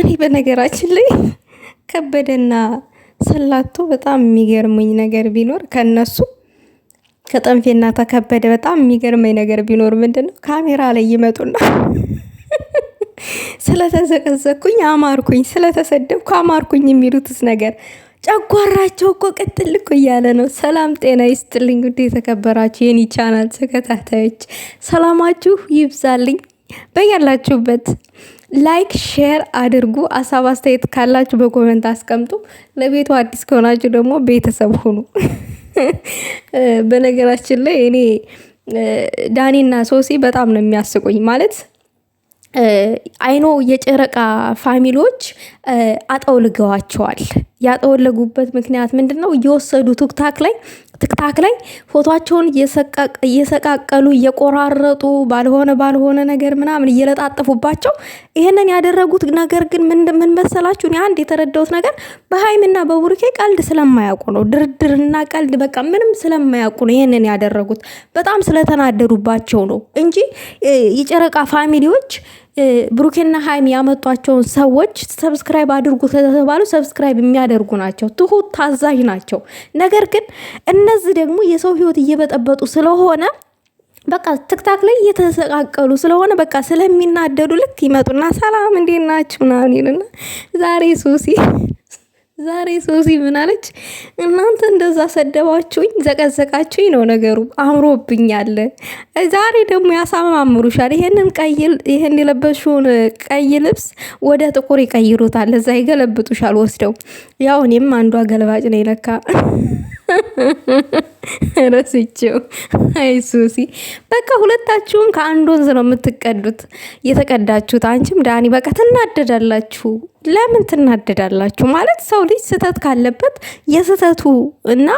እኔ በነገራችን ላይ ከበደና ሰላቶ በጣም የሚገርመኝ ነገር ቢኖር ከነሱ ከጠንፌና ተከበደ በጣም የሚገርመኝ ነገር ቢኖር ምንድን ነው ካሜራ ላይ ይመጡና ስለተዘቀዘኩኝ አማርኩኝ፣ ስለተሰደብኩ አማርኩኝ የሚሉትስ ነገር ጨጓራቸው እኮ ቅጥል እኮ እያለ ነው። ሰላም ጤና ይስጥልኝ ውድ የተከበራችሁ የኒ ቻናል ተከታታዮች ሰላማችሁ ይብዛልኝ በያላችሁበት ላይክ ሼር አድርጉ። አሳብ አስተያየት ካላችሁ በኮመንት አስቀምጡ። ለቤቱ አዲስ ከሆናችሁ ደግሞ ቤተሰብ ሁኑ። በነገራችን ላይ እኔ ዳኒና ሶሲ በጣም ነው የሚያስቁኝ ማለት አይኖ የጨረቃ ፋሚሊዎች አጠውልገዋቸዋል። ያጠወለጉበት ምክንያት ምንድን ነው? እየወሰዱ ቲክታክ ላይ ቲክታክ ላይ ፎቶቸውን እየሰቃቀሉ እየቆራረጡ ባልሆነ ባልሆነ ነገር ምናምን እየለጣጠፉባቸው ይህንን ያደረጉት ነገር ግን ምን መሰላችሁ? አንድ የተረዳሁት ነገር በሀይምና በቡሩኬ ቀልድ ስለማያውቁ ነው። ድርድርና ቀልድ በቃ ምንም ስለማያውቁ ነው ይህንን ያደረጉት። በጣም ስለተናደዱባቸው ነው እንጂ የጨረቃ ፋሚሊዎች ብሩኬና ሀይም ያመጧቸውን ሰዎች ሰብስክራይብ አድርጉ ከተባሉ ሰብስክራይብ የሚያደርጉ ናቸው። ትሁት ታዛዥ ናቸው። ነገር ግን እነዚህ ደግሞ የሰው ህይወት እየበጠበጡ ስለሆነ በቃ ትክታክ ላይ እየተሰቃቀሉ ስለሆነ በቃ ስለሚናደዱ ልክ ይመጡና ሰላም እንዴት ናችሁ ምናምን ዛሬ ሱሲ ዛሬ ሶሲ አለች? እናንተ እንደዛ ሰደባችሁኝ፣ ዘቀዘቃችሁኝ ነው ነገሩ። አምሮብኛል። ዛሬ ደግሞ ያሳማምሩሻል። ይሄንን ቀይ ይሄን የለበሽውን ቀይ ልብስ ወደ ጥቁር ይቀይሩታል። እዛ ይገለብጡሻል ወስደው። ያው እኔም አንዷ ገልባጭ ነው ይለካ ረስቼው። አይ ሱሲ በቃ ሁለታችሁም ከአንድ ወንዝ ነው የምትቀዱት የተቀዳችሁት። አንቺም ዳኒ በቃ ትናደዳላችሁ። ለምን ትናደዳላችሁ? ማለት ሰው ልጅ ስህተት ካለበት የስህተቱ እና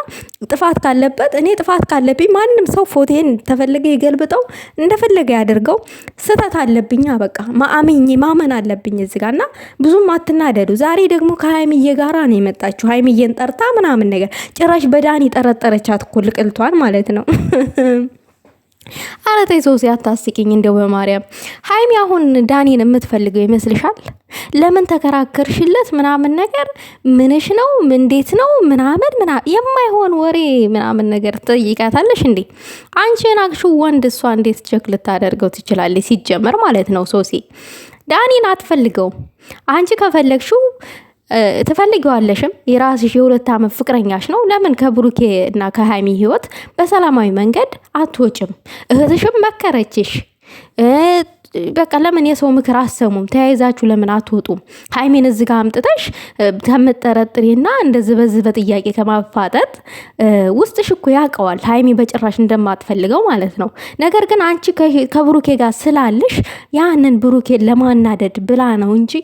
ጥፋት ካለበት እኔ ጥፋት ካለብኝ ማንም ሰው ፎቴን ተፈለገ የገልብጠው እንደፈለገ ያደርገው። ስህተት አለብኛ በቃ ማአምኜ ማመን አለብኝ እዚህ ጋር እና ብዙም አትናደዱ። ዛሬ ደግሞ ከሀይምዬ ጋራ ነው የመጣችሁ። ሀይምዬን ጠርታ ምናምን ነገር ጭራሽ በዳኒ ጠረጠረቻት እኮ ልቅልቷን ማለት ነው። አረ ተይ ሶሲ አታስቂኝ፣ እንደው በማርያም ሀይሚ አሁን ዳኒን የምትፈልገው ይመስልሻል? ለምን ተከራከርሽለት ምናምን ነገር ምንሽ ነው እንዴት ነው ምናምን ምና የማይሆን ወሬ ምናምን ነገር ትጠይቃታለሽ እንዴ? አንቺ የናቅሽው ወንድ እሷ እንዴት ቸክ ልታደርገው ትችላለች? ሲጀመር ማለት ነው ሶሲ ዳኒን አትፈልገውም። አንቺ ከፈለግሽው ትፈልጊዋለሽም የራስሽ የሁለት ዓመት ፍቅረኛሽ ነው። ለምን ከብሩኬ እና ከሀሚ ህይወት በሰላማዊ መንገድ አትወጭም? እህትሽም መከረችሽ በቃ ለምን የሰው ምክር አሰሙም? ተያይዛችሁ ለምን አትወጡም? ሀይሜን እዚ ጋ አምጥተሽ ከምጠረጥሬና እንደዚህ በዚህ በጥያቄ ከማፋጠጥ ውስጥሽ እኮ ያውቀዋል ሀይሜ በጭራሽ እንደማትፈልገው ማለት ነው። ነገር ግን አንቺ ከብሩኬ ጋር ስላለሽ ያንን ብሩኬን ለማናደድ ብላ ነው እንጂ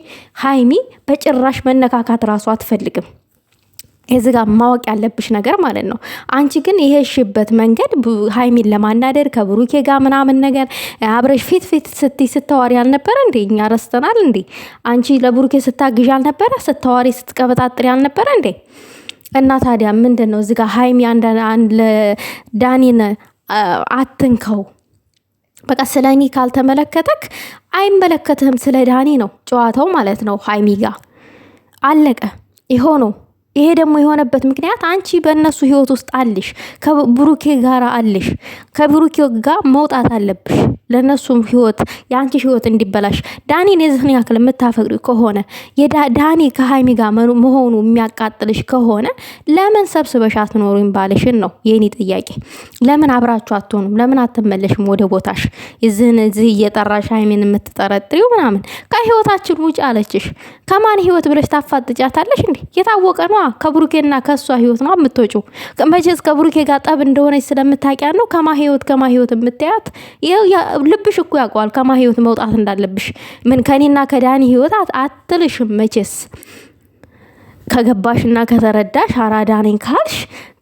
ሀይሚ በጭራሽ መነካካት ራሱ አትፈልግም። እዚህ ጋር ማወቅ ያለብሽ ነገር ማለት ነው። አንቺ ግን ይሄሽበት መንገድ ሀይሚን ለማናደድ ከብሩኬ ጋር ምናምን ነገር አብረሽ ፊት ፊት ስት ስታዋሪ አልነበረ እንዴ? እኛ ረስተናል እንዴ? አንቺ ለብሩኬ ስታግዥ አልነበረ? ስታዋሪ ስትቀበጣጥሪ አልነበረ እንዴ? እና ታዲያ ምንድን ነው እዚጋ ሀይሚ ዳኒን አትንከው በቃ ስለ እኔ ካልተመለከተክ አይመለከትህም። ስለ ዳኒ ነው ጨዋታው ማለት ነው። ሀይሚ ጋ አለቀ። ይሆ ነው ይሄ ደግሞ የሆነበት ምክንያት አንቺ በእነሱ ህይወት ውስጥ አለሽ፣ ከብሩኬ ጋር አለሽ። ከብሩኬ ጋር መውጣት አለብሽ፣ ለእነሱም ህይወት የአንቺ ህይወት እንዲበላሽ። ዳኒን የዝህን ያክል የምታፈቅዱ ከሆነ ዳኒ ከሀይሚ ጋር መሆኑ የሚያቃጥልሽ ከሆነ ለምን ሰብስበሽ አትኖሩም? ባልሽን ነው የኔ ጥያቄ። ለምን አብራችሁ አትሆኑም? ለምን አትመለሽም ወደ ቦታሽ? ይዝህን እዚህ እየጠራሽ ሀይሚን የምትጠረጥሪው ምናምን ከህይወታችን ውጭ አለችሽ። ከማን ህይወት ብለሽ ታፋጥጫታለሽ እንዴ? የታወቀ ነው። ከብሩኬና ከሷ ህይወት ነው የምትወጩ። መቼስ ከብሩኬ ጋር ጠብ እንደሆነች ስለምታቂያ ነው ከማ ህይወት ከማ ህይወት የምታያት። ልብሽ እኮ ያውቀዋል ከማ ህይወት መውጣት እንዳለብሽ። ምን ከኔና ከዳኒ ህይወት አትልሽም መቼስ ከገባሽና ከተረዳሽ አራዳ ነኝ ካልሽ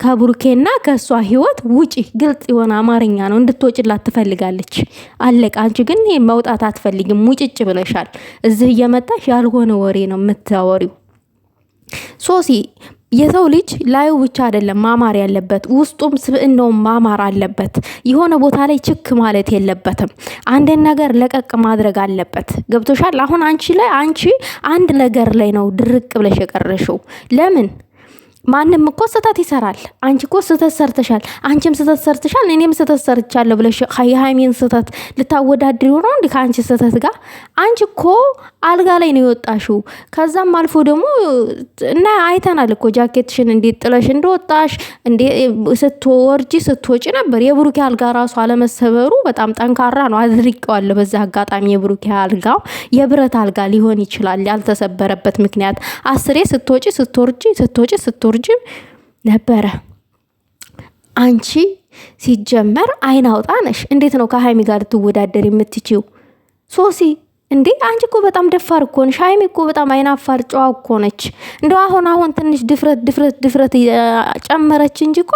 ከቡርኬና ከእሷ ህይወት ውጪ። ግልጽ የሆነ አማርኛ ነው። እንድትወጭላት ትፈልጋለች። አለቅ። አንቺ ግን መውጣት አትፈልጊም። ውጭጭ ብለሻል። እዚህ እየመጣሽ ያልሆነ ወሬ ነው የምታወሪው። ሶሲ የሰው ልጅ ላዩ ብቻ አይደለም ማማር ያለበት፣ ውስጡም ስብእናውም ማማር አለበት። የሆነ ቦታ ላይ ችክ ማለት የለበትም። አንድን ነገር ለቀቅ ማድረግ አለበት። ገብቶሻል? አሁን አንቺ ላይ አንቺ አንድ ነገር ላይ ነው ድርቅ ብለሽ የቀረሽው ለምን? ማንም እኮ ስህተት ይሰራል። አንቺ እኮ ስህተት ሰርተሻል፣ አንቺም ስህተት ሰርተሻል፣ እኔም ስህተት ሰርቻለሁ ብለሽ የሀይሜን ስህተት ልታወዳድሪ ሆኖ እንዲ ከአንቺ ስህተት ጋር አንቺ እኮ አልጋ ላይ ነው የወጣሽው። ከዛም አልፎ ደግሞ እና አይተናል እኮ ጃኬትሽን እንዴት ጥለሽ እንደወጣሽ ስትወርጂ ስትወጪ ነበር። የብሩኬ አልጋ ራሱ አለመሰበሩ በጣም ጠንካራ ነው፣ አድርቄዋለሁ። በዛ አጋጣሚ የብሩኬ አልጋው የብረት አልጋ ሊሆን ይችላል ያልተሰበረበት ምክንያት አስሬ ስትወጪ ስትወርጂ ስትወጪ ስትወር ውርጅም ነበረ። አንቺ ሲጀመር አይን አውጣ ነሽ። እንዴት ነው ከሀይሚ ጋር ልትወዳደር የምትችው? ሶሲ እንዴ አንቺ እኮ በጣም ደፋር እኮ ነሽ። ሀይሚ እኮ በጣም አፋር ጨዋ እኮ ነች። እንደው አሁን አሁን ትንሽ ድፍረት ድፍረት ድፍረት ጨመረች እንጂ እኮ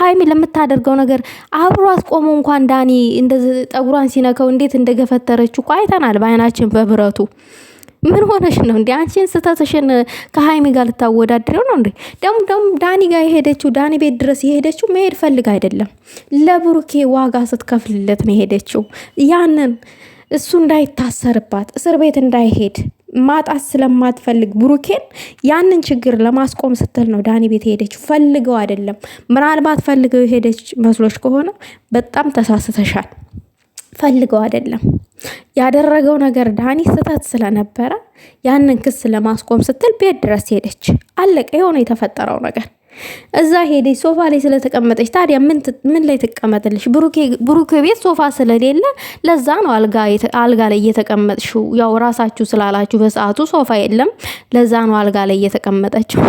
ሀይሚ ለምታደርገው ነገር አብሯት ቆሞ እንኳን ዳኒ ጠጉሯን ሲነከው እንዴት እንደገፈተረች እኮ አይተናል በአይናችን በብረቱ ምን ሆነሽ ነው እንዴ? አንቺን ስህተትሽን ከሀይሚ ጋር ልታወዳድረው ነው እንዴ? ደግሞ ደግሞ ዳኒ ጋር የሄደችው ዳኒ ቤት ድረስ የሄደችው መሄድ ፈልግ አይደለም፣ ለብሩኬ ዋጋ ስትከፍልለት ነው የሄደችው። ያንን እሱ እንዳይታሰርባት እስር ቤት እንዳይሄድ ማጣት ስለማትፈልግ ብሩኬን ያንን ችግር ለማስቆም ስትል ነው ዳኒ ቤት የሄደችው፣ ፈልገው አይደለም። ምናልባት ፈልገው የሄደች መስሎች ከሆነ በጣም ተሳስተሻል። ፈልገው አይደለም ያደረገው ነገር ዳኒ ስህተት ስለነበረ ያንን ክስ ለማስቆም ስትል ቤት ድረስ ሄደች። አለቀ። የሆነ የተፈጠረው ነገር እዛ ሄደች። ሶፋ ላይ ስለተቀመጠች ታዲያ ምን ላይ ትቀመጥልሽ? ብሩኬ ቤት ሶፋ ስለሌለ ለዛ ነው አልጋ ላይ እየተቀመጥሽ። ያው ራሳችሁ ስላላችሁ በሰዓቱ ሶፋ የለም፣ ለዛ ነው አልጋ ላይ እየተቀመጠችው።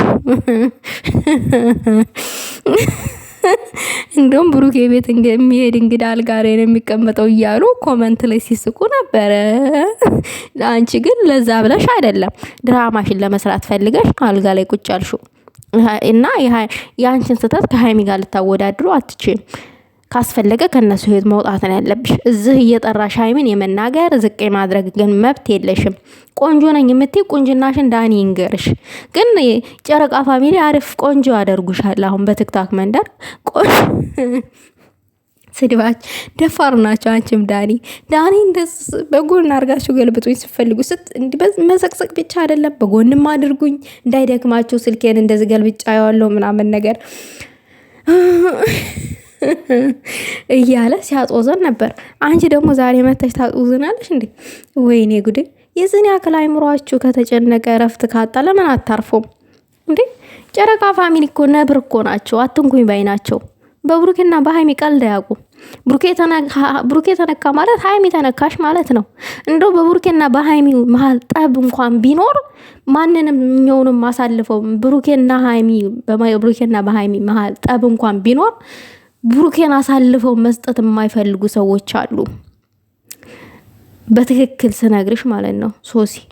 እንደውም ብሩክ የቤት የሚሄድ እንግዳ አልጋ ላይ ነው የሚቀመጠው እያሉ ኮመንት ላይ ሲስቁ ነበረ። አንቺ ግን ለዛ ብለሽ አይደለም ድራማሽን ለመስራት ፈልገሽ አልጋ ላይ ቁጭ አልሽው እና የአንቺን ስህተት ከሀይሚ ጋር ልታወዳድሩ አትችም። ካስፈለገ ከእነሱ ህይወት መውጣት ነው ያለብሽ። እዚህ እየጠራሽ ሀይሚን የመናገር ዝቅ ማድረግ ግን መብት የለሽም። ቆንጆ ነኝ የምትይ ቁንጅናሽን ዳኒ ይንገርሽ። ግን ጨረቃ ፋሚሊ አሪፍ ቆንጆ አደርጉሻል። አሁን በትክታክ መንደር ስድባች ደፋር ናቸው። አንቺም ዳኒ ዳኒ በጎን አድርጋችሁ ገልብጡኝ ስፈልጉ ስት መዘቅዘቅ ብቻ አይደለም በጎንም አድርጉኝ እንዳይደክማችሁ ስልኬን እንደዚህ ገልብጫ ያዋለው ምናምን ነገር እያለ ሲያጦዘን ነበር። አንቺ ደግሞ ዛሬ መተሽ ታጡዝናለሽ እንዴ? ወይኔ ጉዴ! የዝን ያክል አይምሯችሁ ከተጨነቀ እረፍት ካጣ ለምን አታርፎም እንዴ? ጨረቃ ፋሚሊ እኮ ነብር እኮ ናቸው። አትንኩኝ ባይ ናቸው። በብሩኬና በሀይሚ ቀልድ አያውቁም። ብሩኬ ተነካ ማለት ሀይሚ ተነካሽ ማለት ነው። እንደው በብሩኬና በሀይሚ መሀል ጠብ እንኳን ቢኖር ማንንም እኛውንም አሳልፈው ብሩኬና ሀይሚ በብሩኬና በሀይሚ መሀል ጠብ እንኳን ቢኖር ብሩኬን አሳልፈው መስጠት የማይፈልጉ ሰዎች አሉ። በትክክል ስነግርሽ ማለት ነው ሶሲ